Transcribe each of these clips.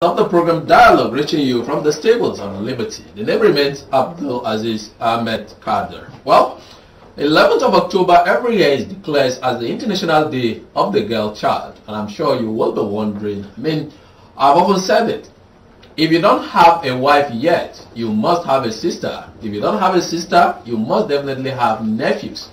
of the program Dialogue reaching you from the stables on Liberty. The name remains Abdul Aziz Ahmed Kader. Well, 11th of October every year is declared as the International Day of the Girl Child. And I'm sure you will be wondering, I mean, I've often said it. If you don't have a wife yet, you must have a sister. If you don't have a sister, you must definitely have nephews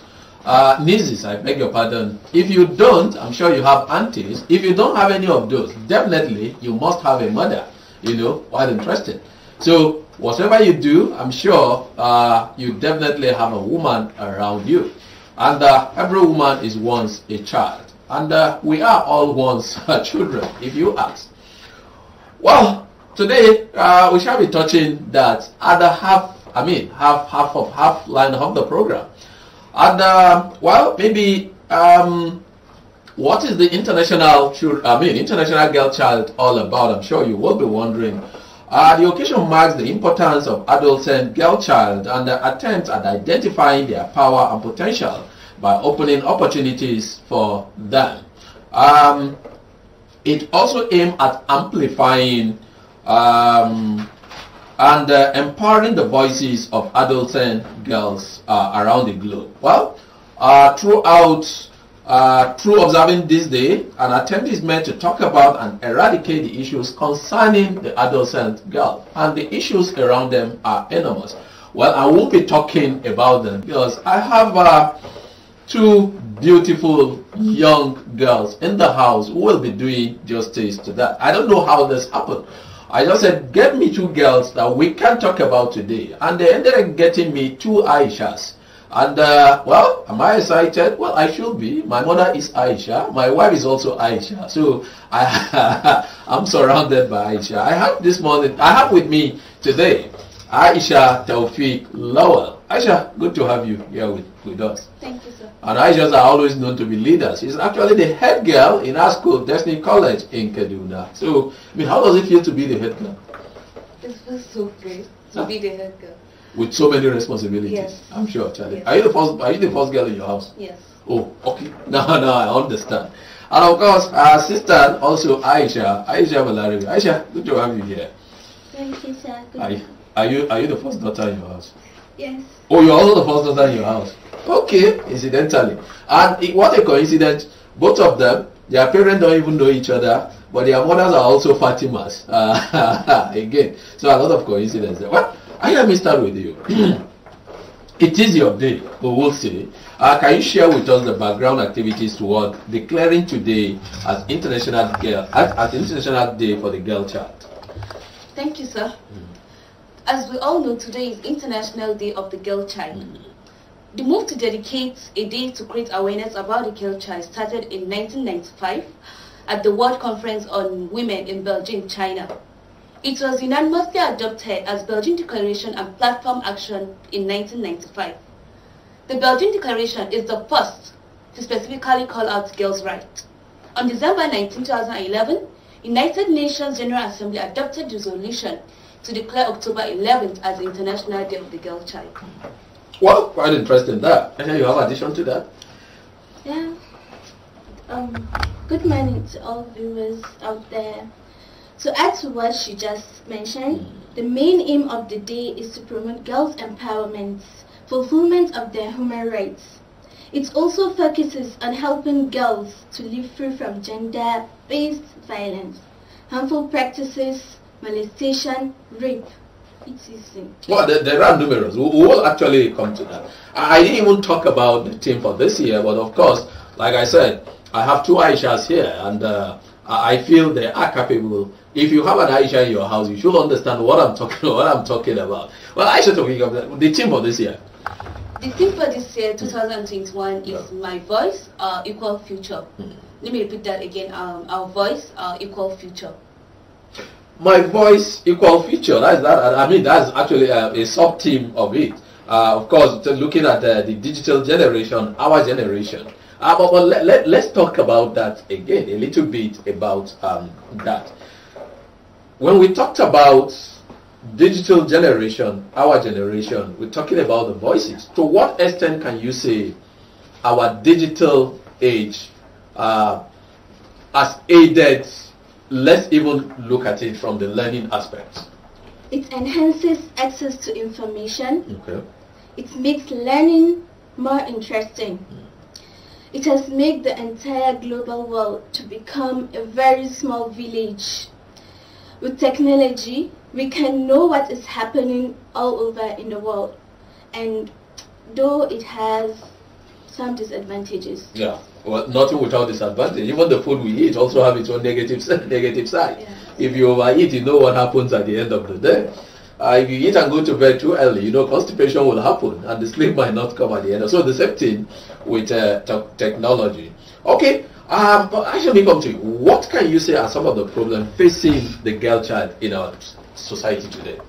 uh, nieces, I beg your pardon. If you don't, I'm sure you have aunties. If you don't have any of those, definitely you must have a mother, you know, quite interesting. So whatever you do, I'm sure uh, you definitely have a woman around you. And uh, every woman is once a child. And uh, we are all once children, if you ask. Well, today uh, we shall be touching that other half, I mean, half, half of half line of the program. And uh, well, maybe um, what is the international child, I mean international girl child all about? I'm sure you will be wondering. Uh, the occasion marks the importance of adolescent girl child and the attempt at identifying their power and potential by opening opportunities for them. Um, it also aims at amplifying um, and uh, empowering the voices of adolescent girls uh, around the globe. Well, uh, throughout, uh, through observing this day, an attempt is made to talk about and eradicate the issues concerning the adolescent girl, and the issues around them are enormous. Well, I won't be talking about them because I have uh, two beautiful young girls in the house who will be doing justice to that. I don't know how this happened. I just said, get me two girls that we can talk about today. And they ended up getting me two Aishas. And, uh, well, am I excited? Well, I should be. My mother is Aisha. My wife is also Aisha. So I, I'm surrounded by Aisha. I have this morning, I have with me today Aisha Taufik Lowell. Aisha, good to have you here with, with us. Thank you, sir. And Aishas are always known to be leaders. She's actually the head girl in our school, Destiny College in Kaduna. So, I mean, how does it feel to be the head girl? It feels so great to be the head girl. With so many responsibilities. Yes. I'm sure, Charlie. Yes. Are you the first are you the first girl in your house? Yes. Oh, okay. No, no, I understand. And of course, our sister, also Aisha, Aisha Malari. Aisha, good to have you here. Thank you, sir. Good are you, are you the first daughter in your house? Yes. Oh, you're also the first daughter in your house. Okay, incidentally. And it, what a coincidence. Both of them, their parents don't even know each other, but their mothers are also Fatimas. Uh, again, so a lot of coincidence. Well, let me start with you. it is your day, but we'll see. Uh, can you share with us the background activities toward declaring today as International Girl as, as International Day for the Girl Child? Thank you, sir. Mm. As we all know, today is International Day of the Girl Child. The move to dedicate a day to create awareness about the girl child started in 1995 at the World Conference on Women in Beijing, China. It was unanimously adopted as Belgian Declaration and Platform Action in 1995. The Belgian Declaration is the first to specifically call out girls' rights. On December 19, 2011, United Nations General Assembly adopted resolution to declare October 11th as the International Day of the Girl Child. Well, quite interesting that. Actually, you have addition to that? Yeah. Um, good morning to all viewers out there. To add to what she just mentioned, the main aim of the day is to promote girls' empowerment, fulfillment of their human rights. It also focuses on helping girls to live free from gender-based violence, harmful practices, molestation, rape. Well, there, there, are numerous. We will actually come to that. I didn't even talk about the team for this year, but of course, like I said, I have two Aishas here, and uh, I feel they are capable. If you have an Aisha in your house, you should understand what I'm talking what I'm talking about. Well, Aisha talking about the team for this year. The theme for this year, 2021, is yeah. My Voice, uh, Equal Future. Mm Let me repeat that again. Um, our Voice, uh, Equal Future my voice equal feature. That's that. I mean, that's actually uh, a, a sub theme of it. Uh, of course, looking at uh, the digital generation, our generation. Uh, but, but let, let, us talk about that again a little bit about um, that. When we talked about digital generation, our generation, we're talking about the voices. To what extent can you say our digital age uh, has aided let's even look at it from the learning aspect. It enhances access to information. Okay. It makes learning more interesting. It has made the entire global world to become a very small village. With technology, we can know what is happening all over in the world. And though it has some disadvantages. Yeah. Well, nothing without disadvantage. Even the food we eat also have its own negative, negative side. If you overeat, you know what happens at the end of the day. Uh, if you eat and go to bed too early, you know constipation will happen and the sleep might not come at the end. So the same thing with uh, technology. Okay, um, but actually come to you. What can you say are some of the problems facing the girl child in our society today?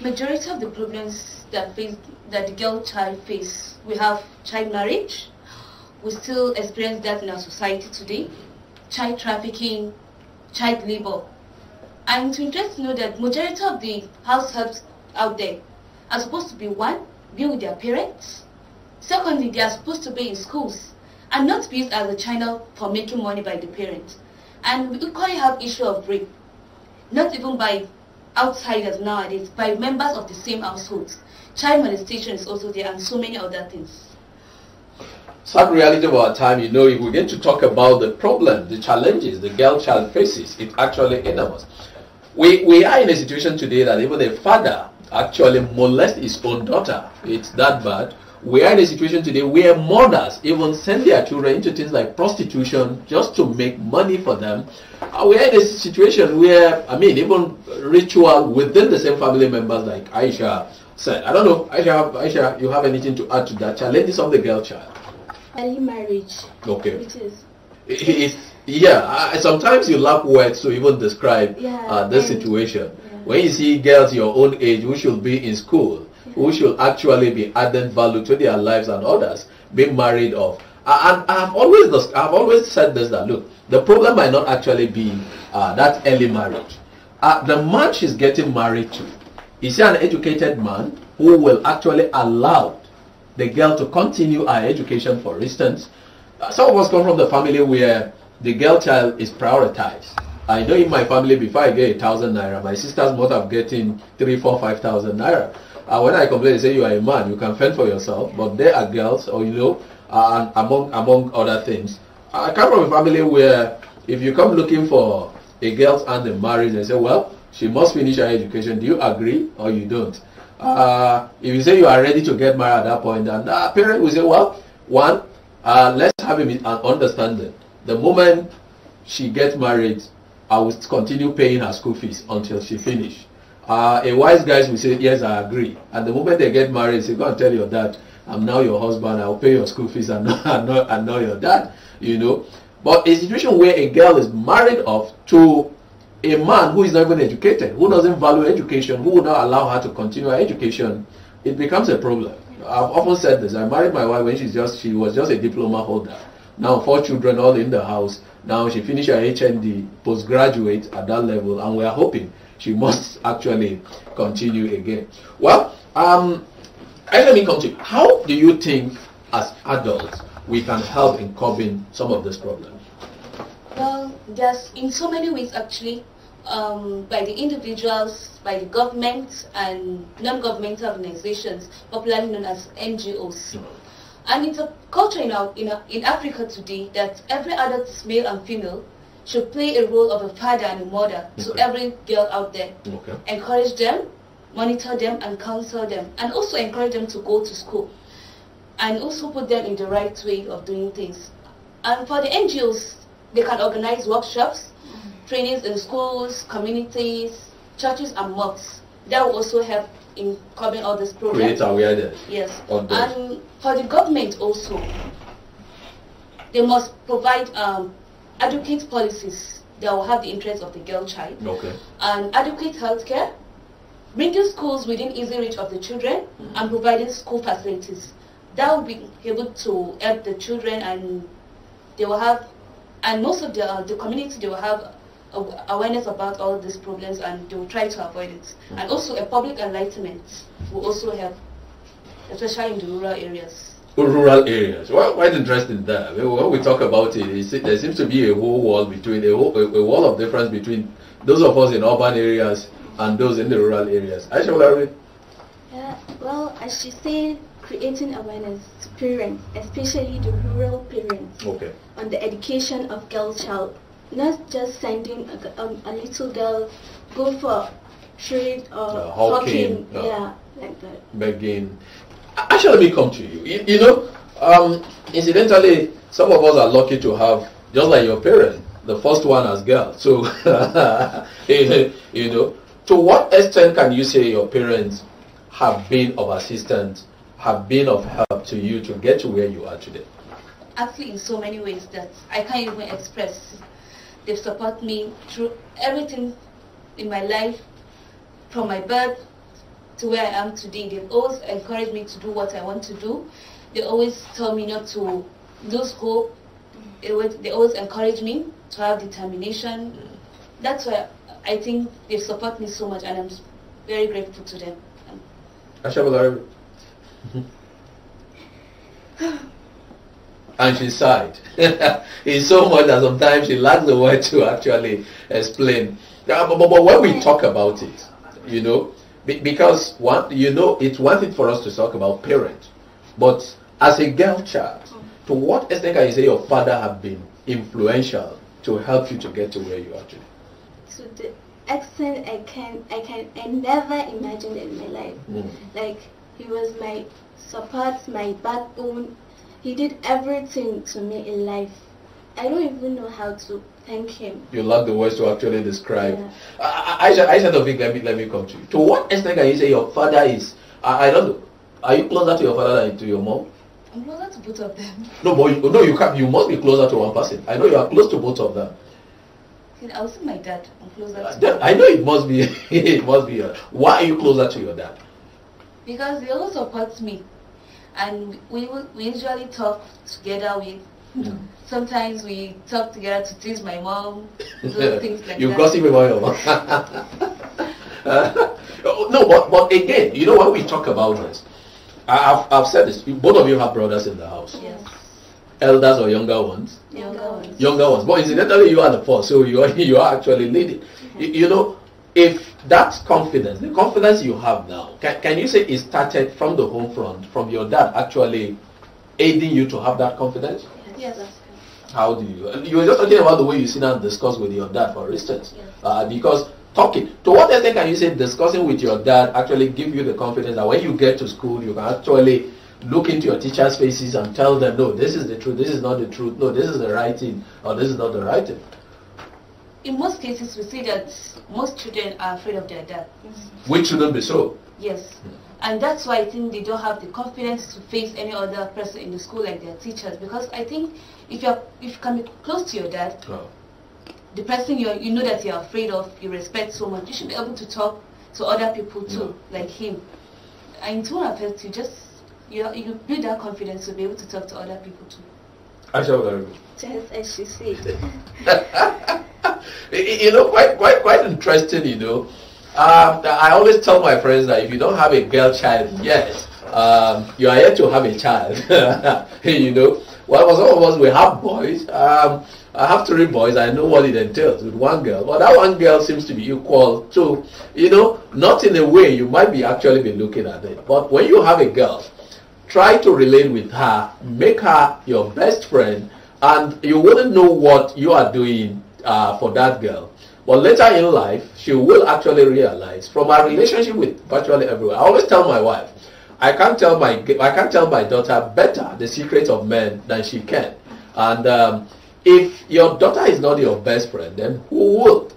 Majority of the problems that face that the girl child face, we have child marriage, we still experience that in our society today. Child trafficking, child labor. And it's interesting to know that majority of the households out there are supposed to be one, be with their parents. Secondly, they are supposed to be in schools and not be used as a channel for making money by the parents. And we equally have issue of rape, not even by outsiders nowadays, by members of the same households. Child molestation is also there and so many other things sad reality of our time, you know, if we get to talk about the problem, the challenges the girl child faces, it's actually enormous. We, we are in a situation today that even a father actually molests his own daughter. It's that bad. We are in a situation today where mothers even send their children into things like prostitution just to make money for them. Uh, we are in a situation where, I mean, even ritual within the same family members like Aisha said. I don't know, Aisha, Aisha, you have anything to add to that? Challenges of the girl child early marriage. Okay. It is. It, it, yeah, sometimes you lack words to even describe yeah, uh, situation. Yeah. When you see girls your own age who should be in school, yeah. who should actually be adding value to their lives and others, being married off. And I've always, I've always said this that look, the problem might not actually be uh, that early marriage. Uh, the man she's getting married to, is he an educated man who will actually allow the girl to continue her education, for instance. Uh, some of us come from the family where the girl child is prioritized. I know in my family before I get a thousand naira, my sister's mother i getting three, four, five thousand naira. And when I complain, they say you are a man, you can fend for yourself. But there are girls, or you know, uh, and among among other things. I come from a family where if you come looking for a girl's hand in marriage, they say, well, she must finish her education. Do you agree or you don't? Uh, if you say you are ready to get married at that point, the uh, parent will say, well, one, uh, let's have an understanding. The moment she gets married, I will continue paying her school fees until she finishes. Uh, a wise guy will say, yes, I agree. And the moment they get married, say, go and tell your dad, I'm now your husband, I'll pay your school fees and not, and your dad, you know. But a situation where a girl is married off to a man who is not even educated, who doesn't value education, who will not allow her to continue her education, it becomes a problem. I've often said this. I married my wife when she's just she was just a diploma holder. Now four children all in the house. Now she finished her HND postgraduate at that level, and we are hoping she must actually continue again. Well, um, let me continue. How do you think, as adults, we can help in curbing some of these problems? just in so many ways actually um, by the individuals, by the government and non-governmental organizations, popularly known as NGOs. Hmm. And it's a culture in, our, in, in Africa today that every adult male and female should play a role of a father and a mother okay. to every girl out there. Okay. Encourage them, monitor them, and counsel them, and also encourage them to go to school, and also put them in the right way of doing things. And for the NGOs, they can organize workshops, trainings in schools, communities, churches, and mosques. That will also help in covering all this problem. Create awareness. Yes. And for the government also, they must provide um, adequate policies that will have the interests of the girl child. Okay. And adequate healthcare, bringing schools within easy reach of the children, mm -hmm. and providing school facilities. That will be able to help the children and they will have and most of the, uh, the community, they will have awareness about all these problems and they will try to avoid it. Hmm. And also a public enlightenment will also help, especially in the rural areas oh, rural areas. Well, quite interesting that when we talk about it, there seems to be a whole wall between a, whole, a, wall of difference between those of us in urban areas and those in the rural areas. Aisha, what are we? Yeah, uh, well, as she said, creating awareness to parents, especially the rural parents, okay. on the education of girl child. Not just sending a, um, a little girl go for trade or uh, hawking, uh, yeah, like that. Begging. Actually, let me come to you. You, you know, um, incidentally, some of us are lucky to have, just like your parents, the first one as girl. So, you know, to what extent can you say your parents have been of assistance have been of help to you to get to where you are today? Actually, in so many ways that I can't even express. They've supported me through everything in my life, from my birth to where I am today. They've always encouraged me to do what I want to do. They always tell me not to lose hope. They, always encourage me to have determination. That's why I think they've supported me so much and I'm very grateful to them. Asha and she sighed. it's so much that sometimes she lacks the word to actually explain. But, but, but when we talk about it, you know, because one, you know, it's one thing for us to talk about parents. but as a girl child, to what extent can you say your father have been influential to help you to get to where you are today? To the extent I can, I can, I never imagined in my life. Mm. Like he was my support, my backbone. He did everything to me in life. I don't even know how to thank him. You lack the words to actually describe. Yeah. I, I, I said let me, let me come to you. To what extent can you say your father is, I, I don't know, are you closer to your father than to your mom? I'm closer to both of them. No, but you, no, you can't. You must be closer to one person. I know you are close to both of them. I was my dad. I'm closer. Uh, I know it must be. it must be. why are you closer to your dad? because they also supports me. And we, we usually talk together with Sometimes we talk together to tease my mom, do things like you that. You gossip about your mom. uh, no, but, but again, you know what we talk about this, I've, I've said this. Both of you have brothers in the house. Yes. Elders or younger ones. Younger ones. Younger ones. But incidentally, you are the first, so you are you are actually leading. mm You, you know, if that confidence, the confidence you have now, can, can you say it started from the home front, from your dad actually aiding you to have that confidence? Yes, yes How do you? You were just talking about the way you sit down and discuss with your dad, for instance, yes. uh, because talking. To what extent can you say discussing with your dad actually give you the confidence that when you get to school, you can actually look into your teachers' faces and tell them, no, this is the truth, this is not the truth, no, this is the right thing, or this is not the right thing in most cases we see that most children are afraid of their dad. Mm-hmm. Which shouldn't be so. Yes. Mm. And that's why I think they don't have the confidence to face any other person in the school like their teachers because I think if you're if you can be close to your dad, oh. the person you you know that you're afraid of, you respect so much, you should be able to talk to other people too, yeah. like him. And it won't affect you, just you you build that confidence to be able to talk to other people too. I told her. Just as she said. you know, quite, quite, quite interesting, you know. Um, I always tell my friends that if you don't have a girl child yet, um, you are yet to have a child. you know, well, for some of us, we have boys. Um, I have three boys. I know what it entails with one girl. But that one girl seems to be equal to, you know, not in a way you might be actually be looking at it. But when you have a girl, Try to relate with her, mm-hmm. make her your best friend, and you wouldn't know what you are doing uh, for that girl. But later in life, she will actually realize from her relationship with virtually everyone. I always tell my wife, I can't tell my I can't tell my daughter better the secrets of men than she can. And um, if your daughter is not your best friend, then who would?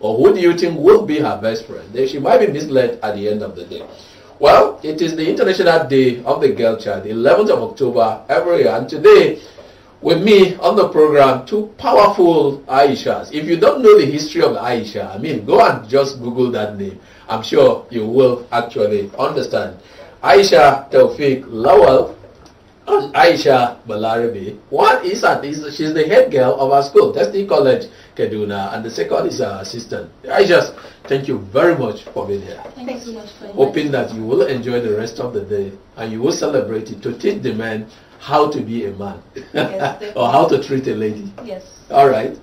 Or who do you think will be her best friend? Then she might be misled at the end of the day. Well, it is the International Day of the Girl Child, the 11th of October every year. And today, with me on the program, two powerful Aishas. If you don't know the history of Aisha, I mean, go and just Google that name. I'm sure you will actually understand. Aisha Tawfiq Lawal Aisha Balarabi. One is at she's the head girl of our school, Testing College, Kaduna, and the second is our assistant. Aisha, thank you very much for being here. Thank, thank you so much for Hoping that you will enjoy the rest of the day and you will celebrate it to teach the men how to be a man yes, or how to treat a lady. Yes. All right.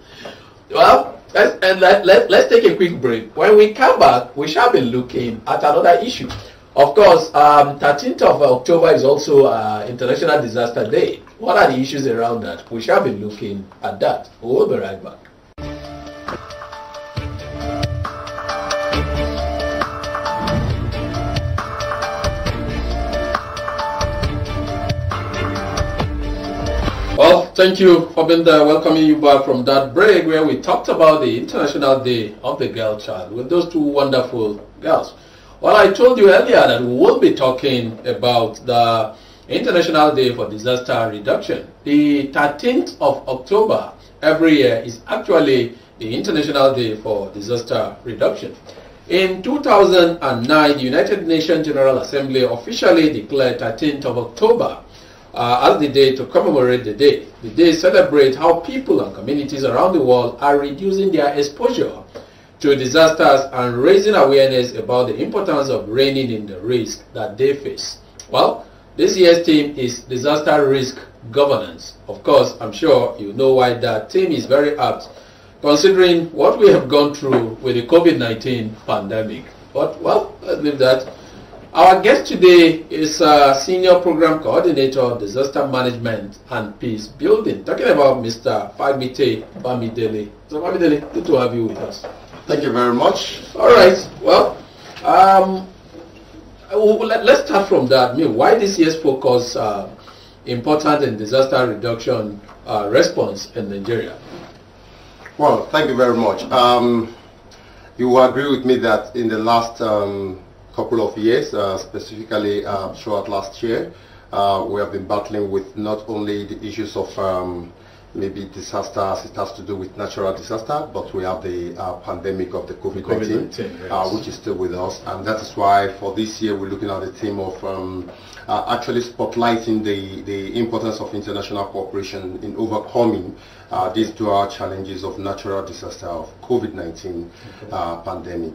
Well, let's, and let, let, let's take a quick break. When we come back, we shall be looking at another issue of course, um, 13th of October is also uh, International Disaster Day. What are the issues around that? We shall be looking at that. We'll be right back. Well, thank you, for being there, Welcoming you back from that break where we talked about the International Day of the Girl Child with those two wonderful girls. Well, I told you earlier that we will be talking about the International Day for Disaster Reduction. The 13th of October every year is actually the International Day for Disaster Reduction. In 2009, the United Nations General Assembly officially declared 13th of October uh, as the day to commemorate the day. The day celebrates how people and communities around the world are reducing their exposure to disasters and raising awareness about the importance of reigning in the risk that they face. Well, this year's theme is disaster risk governance. Of course, I'm sure you know why that theme is very apt considering what we have gone through with the COVID-19 pandemic. But, well, let's leave that. Our guest today is a Senior Program Coordinator, of Disaster Management and Peace Building, talking about Mr. Fagmite Bamidele. So Bamidele, good to have you with us. Thank you very much. All right. Well, um, let's start from that. I mean, why this year's focus uh, important in disaster reduction uh, response in Nigeria? Well, thank you very much. Um, you will agree with me that in the last um, couple of years, uh, specifically uh, throughout last year, uh, we have been battling with not only the issues of um, maybe disasters. it has to do with natural disaster, but we have the uh, pandemic of the COVID-19, COVID uh, yes. uh, which is still with us. And that is why for this year we're looking at the theme of um, uh, actually spotlighting the, the importance of international cooperation in overcoming uh, these dual challenges of natural disaster of COVID-19 okay. Uh, pandemic.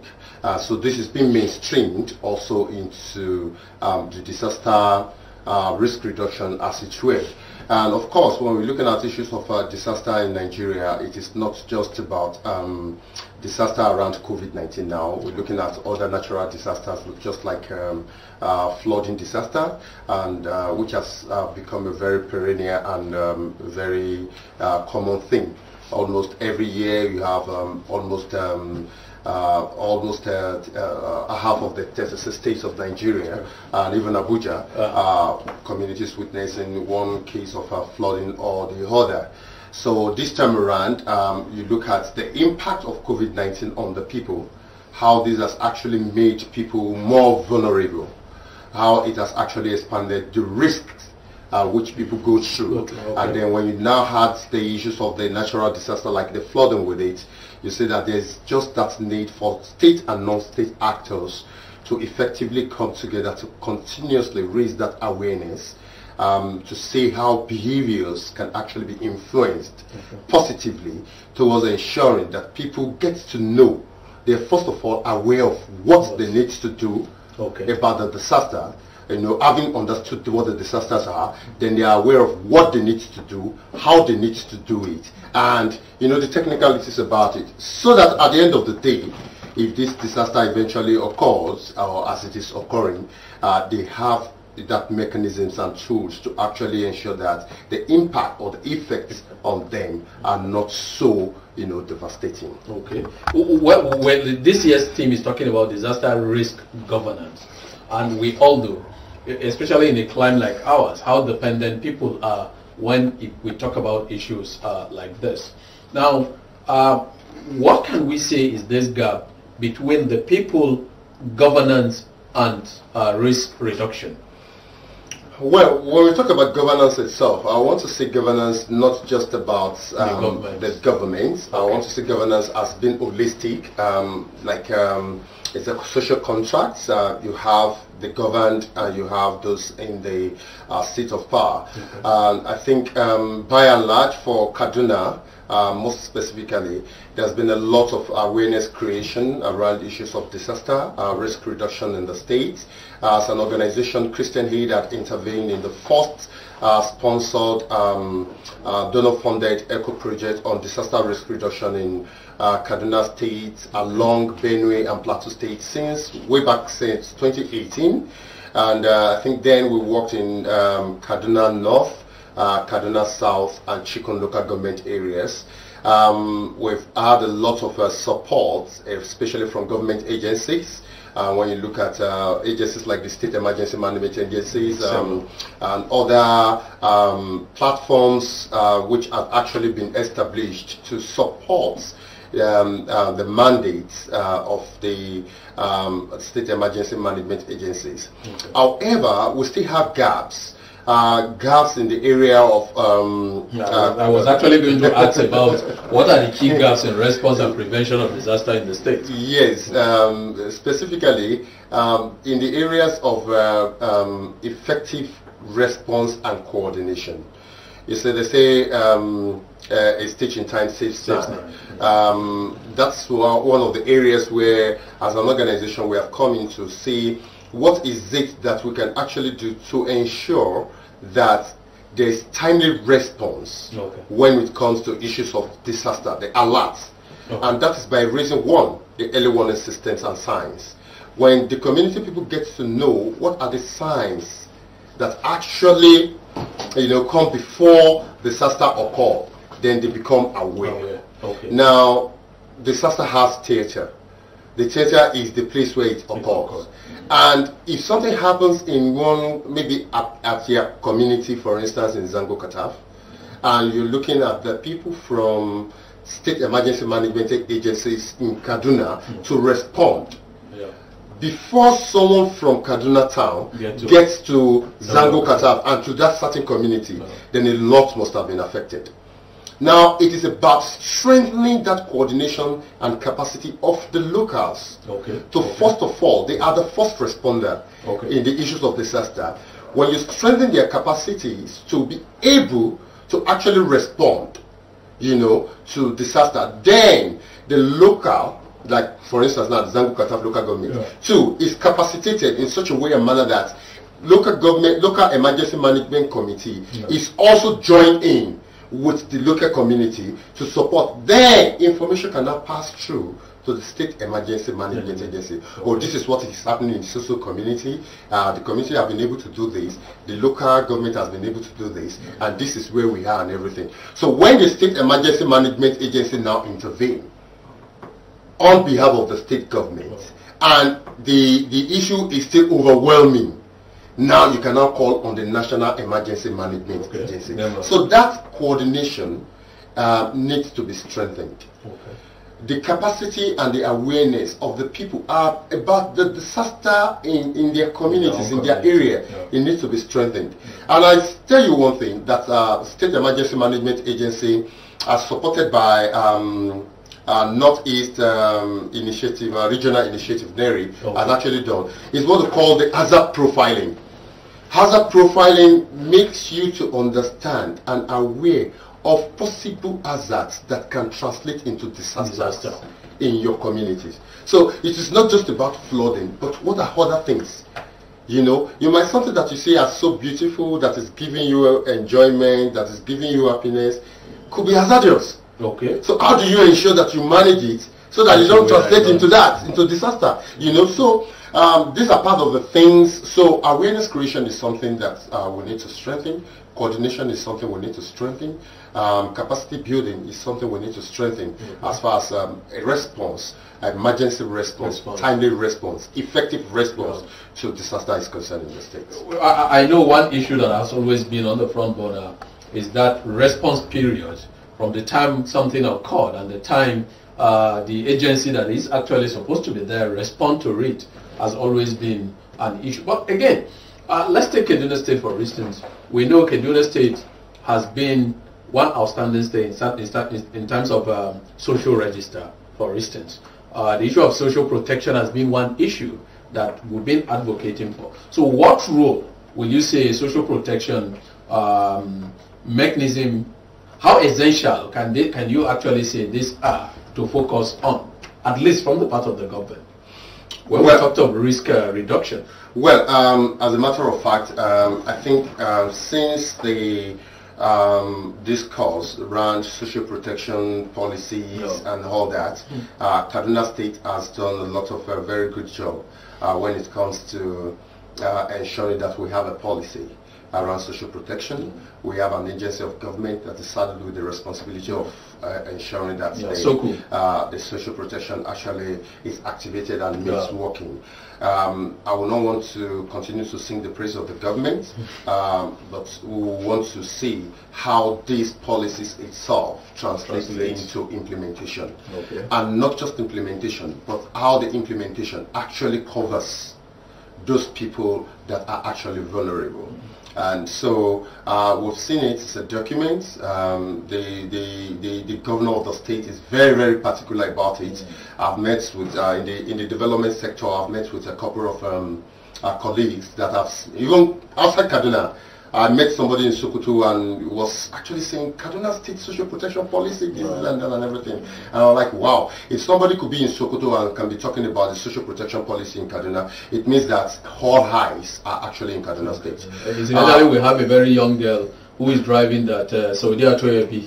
so this is being mainstreamed also into um, the disaster uh, risk reduction as it were. And of course, when we're looking at issues of uh, disaster in Nigeria, it is not just about um, disaster around COVID-19 now. We're looking at other natural disasters, just like um, uh, flooding disaster, and uh, which has uh, become a very perennial and um, very uh, common thing. Almost every year you have um, almost um, uh, almost uh, uh, half of the states of Nigeria uh, and even Abuja uh, communities witnessing one case of uh, flooding or the other. So this time around, um, you look at the impact of COVID-19 on the people, how this has actually made people more vulnerable, how it has actually expanded the risks uh, which people go through. Okay, okay. And then when you now had the issues of the natural disaster like the flooding with it, you see that there's just that need for state and non-state actors to effectively come together to continuously raise that awareness um, to see how behaviors can actually be influenced okay. positively towards ensuring that people get to know they're first of all aware of what they need to do okay. about the disaster you know, having understood what the disasters are, then they are aware of what they need to do, how they need to do it, and, you know, the technicalities about it. So that at the end of the day, if this disaster eventually occurs, or as it is occurring, uh, they have that mechanisms and tools to actually ensure that the impact or the effects on them are not so you know devastating okay well, well this year's team is talking about disaster risk governance and we all know especially in a climate like ours, how dependent people are when we talk about issues uh, like this. Now, uh, what can we say is this gap between the people, governance, and uh, risk reduction? Well, when we talk about governance itself, I want to see governance not just about um, the government. The government. Okay. I want to see governance as being holistic, um, like um, it's a social contract. Uh, you have the governed and uh, you have those in the uh, seat of power. Uh, I think um, by and large for Kaduna, uh, most specifically, there's been a lot of awareness creation around issues of disaster, uh, risk reduction in the state. Uh, as an organization, Christian Aid had intervened in the first uh, sponsored um, donor-funded eco project on disaster risk reduction in uh, Kaduna State, along Benue and Plateau State since way back since 2018. And uh, I think then we worked in um, Kaduna North, uh, Kaduna South, and Chikon local government areas. Um, we've had a lot of uh, support, especially from government agencies. Uh, when you look at uh, agencies like the state emergency management agencies um, and other um, platforms uh, which have actually been established to support um, uh, the mandates uh, of the um, state emergency management agencies. Okay. Mm-hmm. However, we still have gaps. Uh, gaps in the area of. Um, yeah, uh, I was actually going to ask about what are the key gaps in response and prevention of disaster in the state. Yes, um, specifically um, in the areas of uh, um, effective response and coordination. You see, they say um, uh, is teaching time safe saves Um, that's one of the areas where, as an organization, we have come in to see what is it that we can actually do to ensure that there is timely response okay. when it comes to issues of disaster, the alerts. Okay. And that is by raising one, the early warning systems and signs. When the community people get to know what are the signs that actually you know, come before disaster occur then they become aware. aware. Okay. Now, disaster has theater. The theater is the place where it occurs. And if something happens in one, maybe at, at your community, for instance, in Zango Kataf, and you're looking at the people from state emergency management agencies in Kaduna mm-hmm. to respond. Before someone from Kaduna town to gets to Zango Kataf and to that certain community, then a lot must have been affected. Now, it is about strengthening that coordination and capacity of the locals. Okay. So, okay. first of all, they are the first responder okay. in the issues of disaster. When you strengthen their capacities to be able to actually respond, you know, to disaster, then the local like for instance now the Zangu Kataf local government. Yeah. Two is capacitated in such a way and manner that local government, local emergency management committee yeah. is also joined in with the local community to support. their information can now pass through to the state emergency management yeah. Mm-hmm. agency. Oh, this is what is happening in the social community. Uh, the community have been able to do this. The local government has been able to do this. Yeah. And this is where we are and everything. So when the state emergency management agency now intervene on behalf of the state government, and the, the issue is still overwhelming now you can now call on the National Emergency Management okay. Agency. So that coordination uh, needs to be strengthened. Okay. The capacity and the awareness of the people are about the disaster in, in their communities, in their, in their area, yeah. it needs to be strengthened. Yeah. And I tell you one thing, that uh, State Emergency Management Agency are supported by um, uh, Northeast um, Initiative, uh, Regional Initiative, NERI, okay. has actually done, is what we call the hazard profiling. Hazard profiling makes you to understand and aware of possible hazards that can translate into disasters disaster. in your communities. So it is not just about flooding, but what are other things? You know, you might something that you see as so beautiful, that is giving you enjoyment, that is giving you happiness, could be hazardous. Okay. So how do you ensure that you manage it so that you don't translate into that, into disaster? You know, so um, these are part of the things. So awareness creation is something that uh, we need to strengthen. Coordination is something we need to strengthen. Um, capacity building is something we need to strengthen mm-hmm. as far as um, response, emergency response, response, timely response, effective response yeah. to disaster is concerned in the States. I, I know one issue that has always been on the front burner is that response period from the time something occurred and the time uh, the agency that is actually supposed to be there respond to it has always been an issue. But again, uh, let's take Kaduna State for instance. We know Kaduna State has been one outstanding state in, in, in terms of um, social register, for instance. Uh, the issue of social protection has been one issue that we've been advocating for. So what role will you say social protection um, mechanism how essential can, they, can you actually say this are to focus on, at least from the part of the government? When well, we talked of risk uh, reduction. Well, um, as a matter of fact, um, I think uh, since the um, discourse around social protection policies no. and all that, mm. uh, Kaduna State has done a lot of a very good job uh, when it comes to uh, ensuring that we have a policy around social protection. We have an agency of government that is saddled with the responsibility of uh, ensuring that yeah, the, so cool. uh, the, social protection actually is activated and yeah. working. Um, I will not want to continue to sing the praise of the government, um, but we want to see how these policies itself translate into implementation. Okay. And not just implementation, but how the implementation actually covers those people that are actually vulnerable. And so uh, we've seen it, it's a document. Um, the, the, the, the, governor of the state is very, very particular about it. Mm -hmm. I've met with, uh, in, the, in the development sector, I've met with a couple of um, uh, colleagues that have, even outside Kaduna, I met somebody in Sokoto and was actually saying Kaduna State Social Protection Policy, this wow. and that and everything. And I'm like, wow, if somebody could be in Sokoto and can be talking about the social protection policy in Kaduna, it means that all highs are actually in Kaduna State. Incidentally, uh, we have a very young girl who is driving that uh, Saudi Arabia.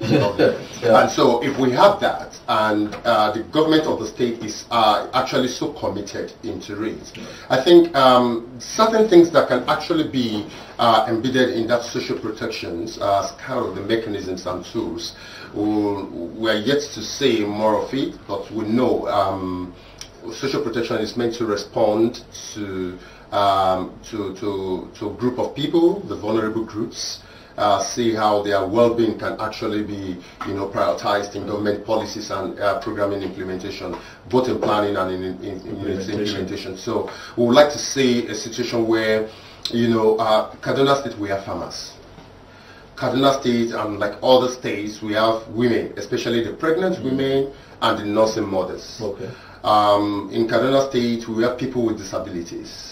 okay. yeah. And so if we have that, and uh, the government of the state is uh, actually so committed into it. I think um, certain things that can actually be uh, embedded in that social protections uh, as kind of the mechanisms and tools, we'll, we are yet to see more of it, but we know um, social protection is meant to respond to, um, to, to, to a group of people, the vulnerable groups, uh, see how their well-being can actually be, you know, prioritized in government policies and uh, programming implementation, both in planning and in, in, in implementation. implementation. So we would like to see a situation where, you know, uh, Kaduna State, we have farmers. Kaduna State and like other states, we have women, especially the pregnant mm women and the nursing mothers. Okay. Um, in Kaduna State, we have people with disabilities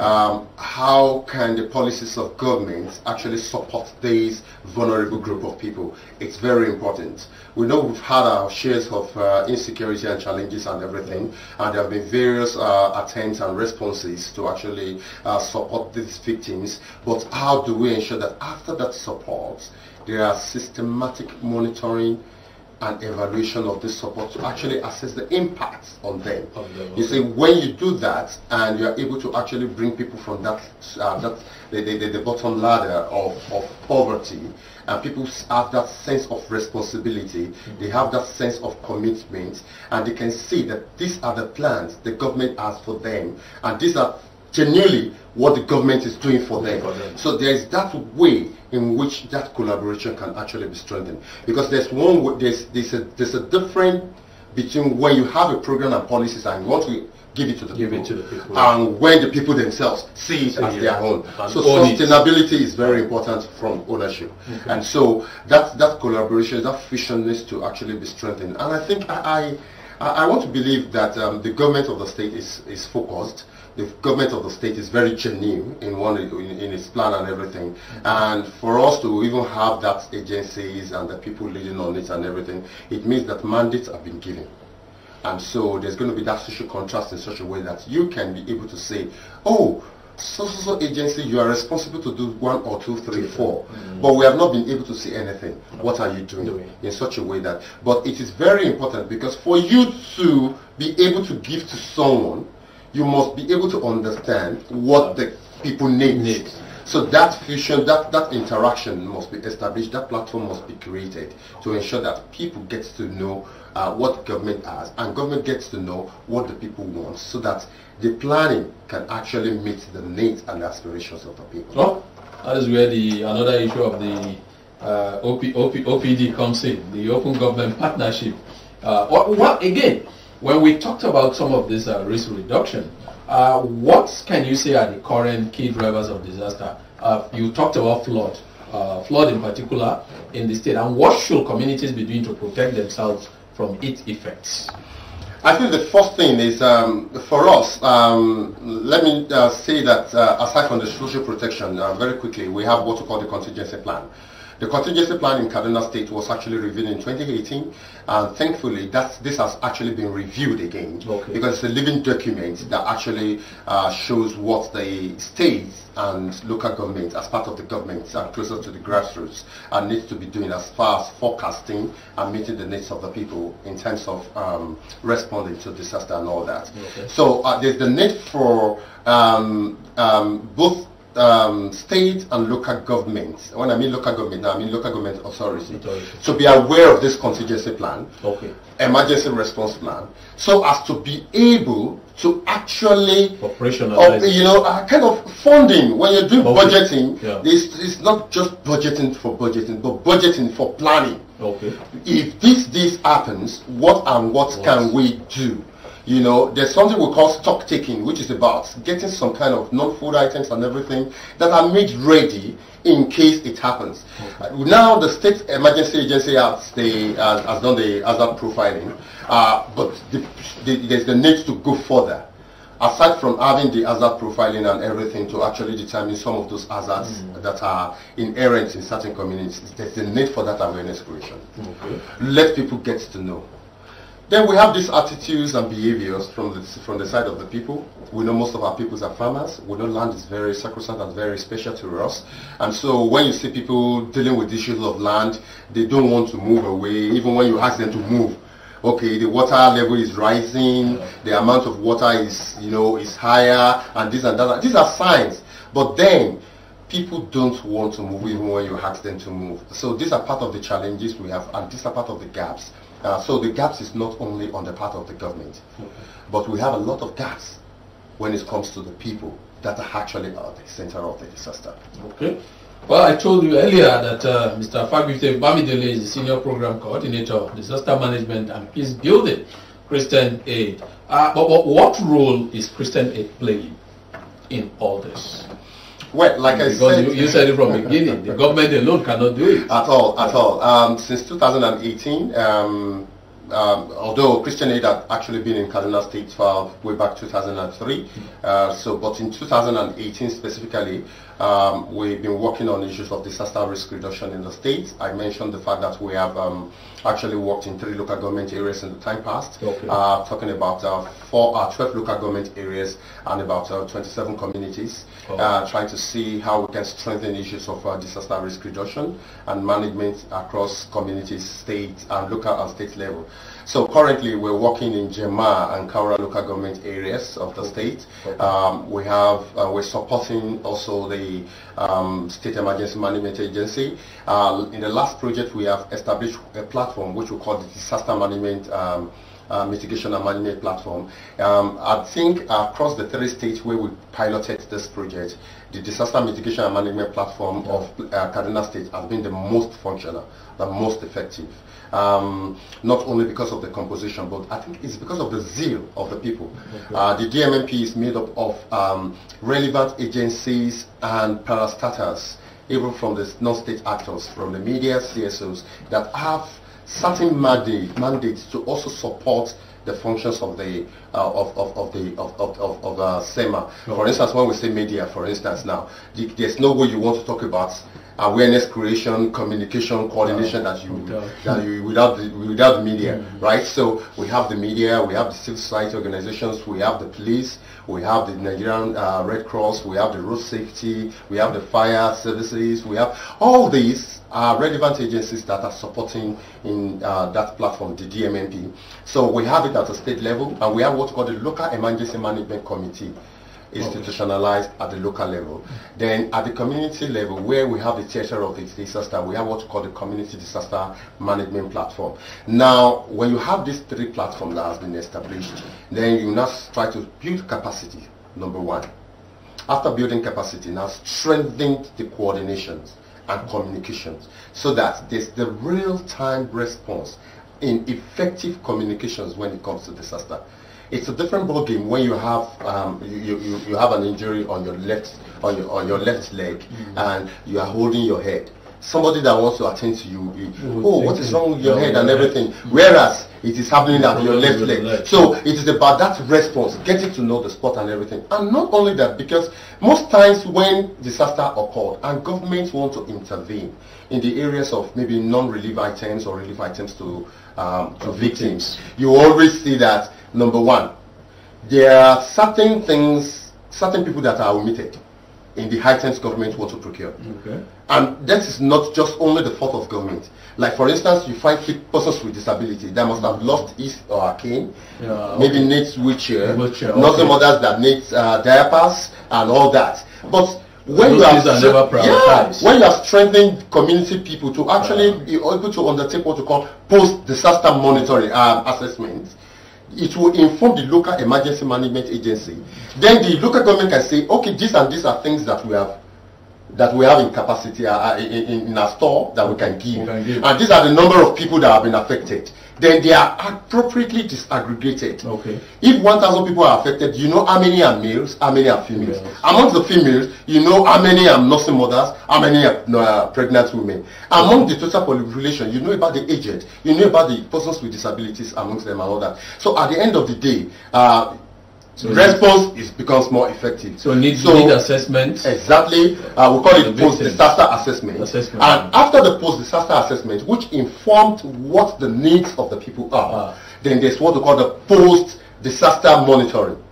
um, how can the policies of governments actually support these vulnerable group of people? It's very important. We know we've had our shares of uh, insecurity and challenges and everything, and there have been various uh, attempts and responses to actually uh, support these victims, but how do we ensure that after that support, there are systematic monitoring an evaluation of this support to actually assess the impact on them. them okay. You see, when you do that and you are able to actually bring people from that, uh, that the, the, the, bottom ladder of, of poverty, and people have that sense of responsibility, mm-hmm. they have that sense of commitment, and they can see that these are the plans the government has for them, and these are genuinely what the government is doing for them. for them. So there is that way in which that collaboration can actually be strengthened. Because there's one there's there's a there's a difference between when you have a program and policies and you want to give it to the, give people, to the people, and when the people themselves see it so as their own. So sustainability it. is very important from ownership, and so that that collaboration, that fusion needs to actually be strengthened. And I think I. I, I want to believe that um, the government of the state is, is focused the government of the state is very genuine in one in, in its plan and everything. Mm -hmm. And for us to even have that agencies and the people leading on it and everything, it means that mandates have been given. And so there's going to be that social contrast in such a way that you can be able to say, oh, so, so, so agency, you are responsible to do one or two, three, four. Mm -hmm. But we have not been able to see anything. What are you doing? doing? In such a way that, but it is very important because for you to be able to give to someone you must be able to understand what the people need. need. So that fusion, that, that interaction must be established, that platform must be created to ensure that people get to know uh, what government has and government gets to know what the people want so that the planning can actually meet the needs and aspirations of the people. Well, that is where the another issue of the uh, OP, OP, OPD comes in, the Open Government Partnership. Uh, what, what, again, when we talked about some of this uh, risk reduction, uh, what can you say are the current key drivers of disaster? Uh, you talked about flood, uh, flood in particular in the state, and what should communities be doing to protect themselves from its effects? I think the first thing is um, for us, um, let me uh, say that uh, aside from the social protection, uh, very quickly, we have what we call the contingency plan. The contingency plan in Kaduna State was actually reviewed in 2018, and thankfully that this has actually been reviewed again okay. because it's a living document that actually uh, shows what the states and local governments, as part of the government, are closer to the grassroots and needs to be doing as far as forecasting and meeting the needs of the people in terms of um, responding to disaster and all that. Okay. So uh, there's the need for um, um, both um, state and local governments. When I mean local government, I mean local government authority. authority. So be aware of this contingency plan, okay. emergency response plan, so as to be able to actually operationalize. you know, uh, kind of funding when you're doing okay. budgeting. Yeah. It's, it's not just budgeting for budgeting, but budgeting for planning. Okay. If this this happens, what and what, what? can we do? You know, there's something we call stock taking, which is about getting some kind of non-food items and everything that are made ready in case it happens. Okay. Uh, now the state emergency agency has, the, has, has done the hazard profiling, uh, but the, the, there's the need to go further. Aside from having the hazard profiling and everything to actually determine some of those hazards mm. that are inherent in certain communities, there's the need for that awareness creation. Okay. Let people get to know then we have these attitudes and behaviors from the, from the side of the people. We know most of our peoples are farmers. We know land is very sacrosanct and very special to us. And so when you see people dealing with issues of land, they don't want to move away, even when you ask them to move. Okay, the water level is rising, the amount of water is, you know, is higher, and this and that. These are signs. But then, people don't want to move even when you ask them to move. So these are part of the challenges we have, and these are part of the gaps uh, so the gaps is not only on the part of the government, okay. but we have a lot of gaps when it comes to the people that are actually at the center of the disaster. Okay. Well, I told you earlier that uh, Mr. Fabute Bamidele is the Senior Program Coordinator of Disaster Management and Peace Building, Christian Aid. Uh, but, but what role is Christian Aid playing in all this? Well, like because I said, you, you said it from the beginning. The government alone cannot do it at all. At all. Um, since 2018, um, um, although Christian Aid had actually been in Kaduna State for way back 2003, uh, so but in 2018 specifically, um, we've been working on issues of disaster risk reduction in the state. I mentioned the fact that we have um, actually worked in three local government areas in the time past, okay. uh, talking about uh, four, uh, 12 local government areas and about uh, 27 communities, oh. Uh, trying to see how we can strengthen issues of uh, disaster risk reduction and management across communities, state, and local and state level. So currently we're working in Jema and Kaura local government areas of the state. Um, we have, uh, we're supporting also the um, State Emergency Management Agency. Uh, in the last project we have established a platform which we call the Disaster Management um, uh, mitigation and management platform. Um, I think across the three states where we piloted this project, the disaster mitigation and management platform of uh, Kaduna State has been the most functional, the most effective. Um, not only because of the composition, but I think it's because of the zeal of the people. Okay. Uh, the DMMP is made up of um, relevant agencies and parastatals, even from the non-state actors, from the media, CSOs, that have certain mandate, mandates to also support the functions of the uh, of, of, of the of of, of, of uh, SEMA. Sure. For instance, when we say media, for instance, now there's no way you want to talk about awareness creation, communication, coordination yeah. that you without. that you without the, without media, mm -hmm. right? So we have the media, we have the civil society organizations, we have the police, we have the Nigerian uh, Red Cross, we have the road safety, we have the fire services, we have all these relevant agencies that are supporting in uh, that platform, the DMNP. So we have it at the state level and we have what's called the Local Emergency Management Committee institutionalized at the local level. Then at the community level, where we have the theater of the disaster, we have what's called the community disaster management platform. Now, when you have these three platforms that has been established, then you now try to build capacity, number one. After building capacity, now strengthen the coordinations and communications so that there's the real-time response in effective communications when it comes to disaster it's a different ball game when you have um, you, you, you have an injury on your left on your on your left leg mm. and you are holding your head. Somebody that wants to attend to you, oh, what is wrong with your head and everything. Whereas it is happening at your left leg. So it is about that response, getting to know the spot and everything. And not only that, because most times when disaster occurred and governments want to intervene in the areas of maybe non-relief items or relief items to um, to victims, you always see that Number one, there are certain things, certain people that are omitted in the items government want to procure. Okay. And this is not just only the fault of government. Like for instance, you find persons with disability that must have lost his or her cane, yeah, maybe okay. needs wheelchair, wheelchair not okay. mothers that need uh, diapers and all that. But when you, are yeah, when you are strengthening community people to actually yeah. be able to undertake what you call post-disaster monitoring um, assessments, it will inform the local emergency management agency. Then the local government can say, okay, these and these are things that we have that we have in capacity uh, uh in, in, our store that we can give. we can give. And these are the number of people that have been affected then they are appropriately disaggregated. Okay. If 1,000 people are affected, you know how many are males, how many are females. Yes. Among the females, you know how many are nursing mothers, how many are uh, pregnant women. Among the total population, you know about the aged, you know about the persons with disabilities amongst them and all that. So at the end of the day, uh, so response is becomes more effective. So need, so, need assessment. Exactly. Uh, we call it post-disaster assessment. assessment. And after the post-disaster assessment, which informed what the needs of the people are, ah. then there's what we call the post-disaster monitoring.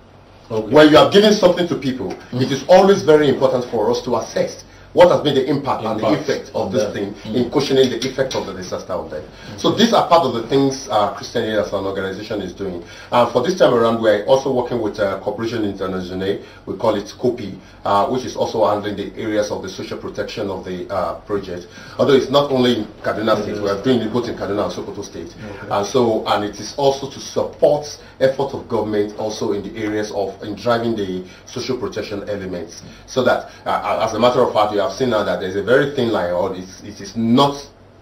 Okay. When you are giving something to people, mm -hmm. it is always very important for us to assess what has been the impact, impact and the effect of this thing mm. in cushioning the effect of the disaster of that. Mm. So these are part of the things uh, Christian Aid as an organization is doing. Uh, for this time around, we're also working with uh, Corporation Internationale, we call it COPI, uh, which is also handling the areas of the social protection of the uh, project. Although it's not only in Kaduna State, we're doing it both in Kaduna and Sokoto State. Okay. And so, and it is also to support efforts of government also in the areas of in driving the social protection elements. So that, uh, as a matter of fact, have seen now that there's a very thin line or it, it is not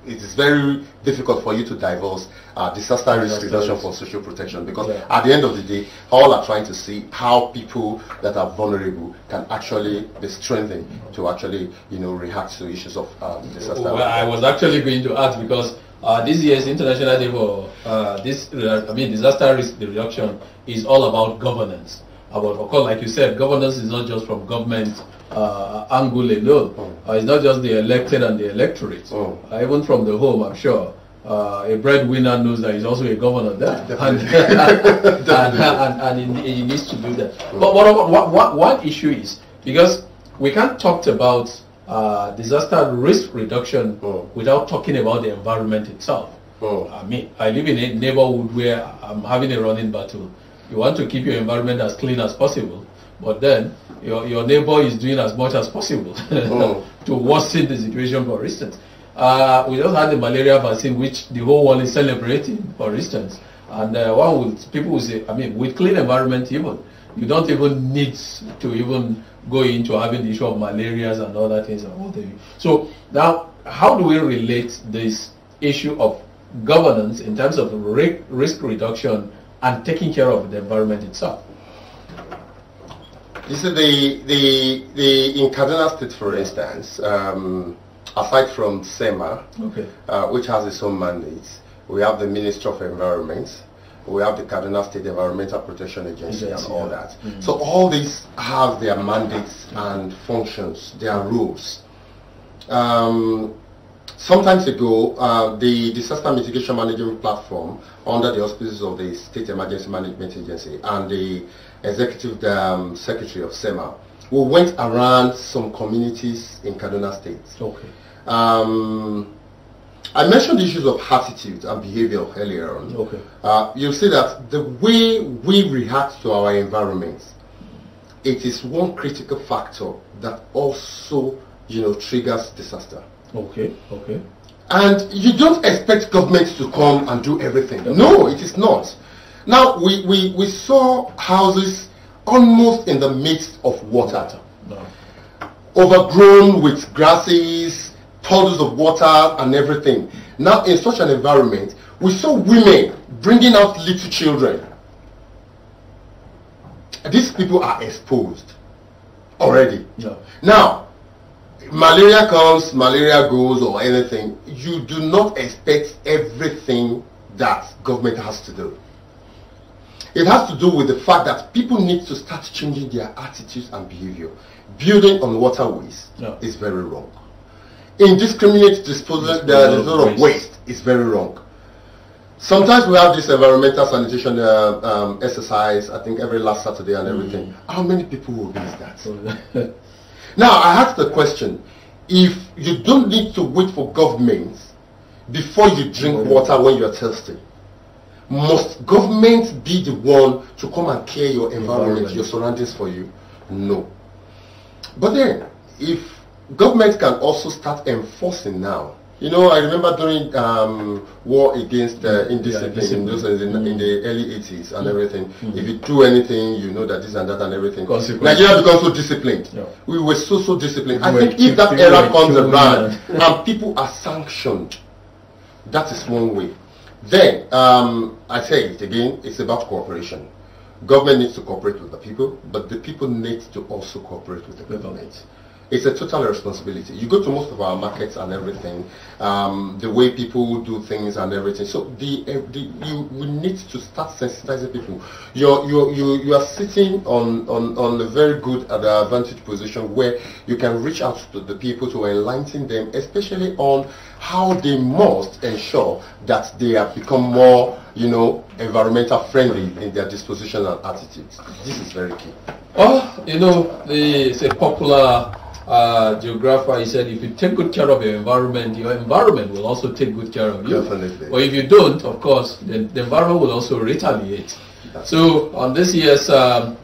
it is very difficult for you to divorce uh, disaster risk disaster reduction risk. for social protection because yeah. at the end of the day, all are trying to see how people that are vulnerable can actually be strengthened to actually you know react to issues of um, disaster. Well, I was actually going to ask because uh, this year's International Day for uh, this I mean disaster risk reduction is all about governance. About of course, like you said, governance is not just from government uh, angle alone. Oh. Uh, it's not just the elected and the electorate. Oh. Uh, even from the home, I'm sure. Uh, a breadwinner knows that he's also a governor there, and, and, and, and, he needs to do that. Oh. But what, what, what, one issue is because we can't talk about uh, disaster risk reduction without talking about the environment itself. I mean, I live in a neighborhood where I'm having a running battle you want to keep your environment as clean as possible, but then your, your neighbor is doing as much as possible oh. to worsen the situation, for instance. Uh, we just had the malaria vaccine, which the whole world is celebrating, for instance. And uh, one would, people will say, I mean, with clean environment even, you don't even need to even go into having the issue of malaria and other things and all have So now, how do we relate this issue of governance in terms of risk reduction and taking care of the environment itself. You see, the, the, the, in Kaduna State, for instance, um, aside from SEMA, okay. uh, which has its own mandates, we have the Ministry of Environment, we have the Kaduna State Environmental Protection Agency yes, and all that. Mm -hmm. So all these have their mandates and functions, their rules. Um, some time ago, uh, the disaster mitigation management platform under the auspices of the State Emergency Management Agency and the Executive um, Secretary of SEMA, we went around some communities in Kaduna State. Okay. Um, I mentioned the issues of attitude and behavior earlier on. Okay. Uh, you'll see that the way we react to our environment, it is one critical factor that also, you know, triggers disaster. Okay, okay. And you don't expect government to come and do everything. Okay. No, it is not. Now, we, we, we saw houses almost in the midst of water. No. Overgrown with grasses, puddles of water and everything. Now, in such an environment, we saw women bringing out little children. These people are exposed already. No. Now, malaria comes, malaria goes, or anything, you do not expect everything that government has to do. It has to do with the fact that people need to start changing their attitudes and behavior. Building on waterways yeah. is very wrong. Indiscriminate disposal, uh, disposal of, of waste is very wrong. Sometimes we have this environmental sanitation uh, um, exercise, I think every last Saturday and mm. everything. Mm. How many people will miss that? Now, I ask the question, if you don't need to wait for governments before you drink water when you're thirsty, must government be the one to come and clear your environment, your surroundings for you? No. But then, if government can also start enforcing now you know, I remember during um, war against uh, mm-hmm. indiscipline, yeah, in, those, in, mm. in, the mm-hmm. early 80s and mm. everything, mm. if you do anything, you know that this and that and everything. Nigeria becomes so disciplined. Yeah. We were so, so disciplined. We I think if that era comes around and people are sanctioned, that is one way. Then, um, I say it again, it's about cooperation. Government needs to cooperate with the people, but the people need to also cooperate with the government it's a total responsibility. You go to most of our markets and everything, um, the way people do things and everything. So the, uh, the you we need to start sensitizing people. You're you you you are sitting on on on a very good advantage position where you can reach out to the people to enlighten them, especially on how they must ensure that they have become more you know environmental friendly in their disposition and attitudes. This is very key. Oh, you know, the, it's a popular uh, geographer, he said, if you take good care of your environment, your environment will also take good care of you. Definitely. Or if you don't, of course, the, the environment will also retaliate. so on this year's um,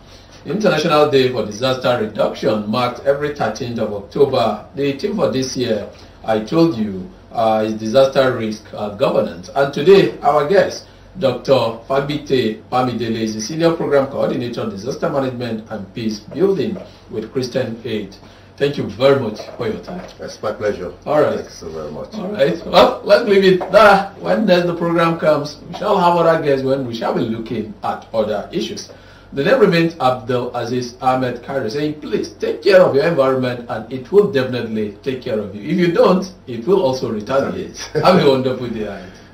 International Day for Disaster Reduction marked every 13th of October, the theme for this year, I told you, uh, is disaster risk uh, governance. And today, our guest, Dr. Fabite Pamidele is the Senior Program Coordinator, Disaster Management and Peace Building with Christian Aid. Thank you very much for your time. It's my pleasure. All right. Thanks so very much. All right. Well, let's leave it there. When the program comes, we shall have other guests when we shall be looking at other issues. The name remains Abdul Aziz Ahmed Kari saying, please take care of your environment and it will definitely take care of you. If you don't, it will also retaliate. have a wonderful day.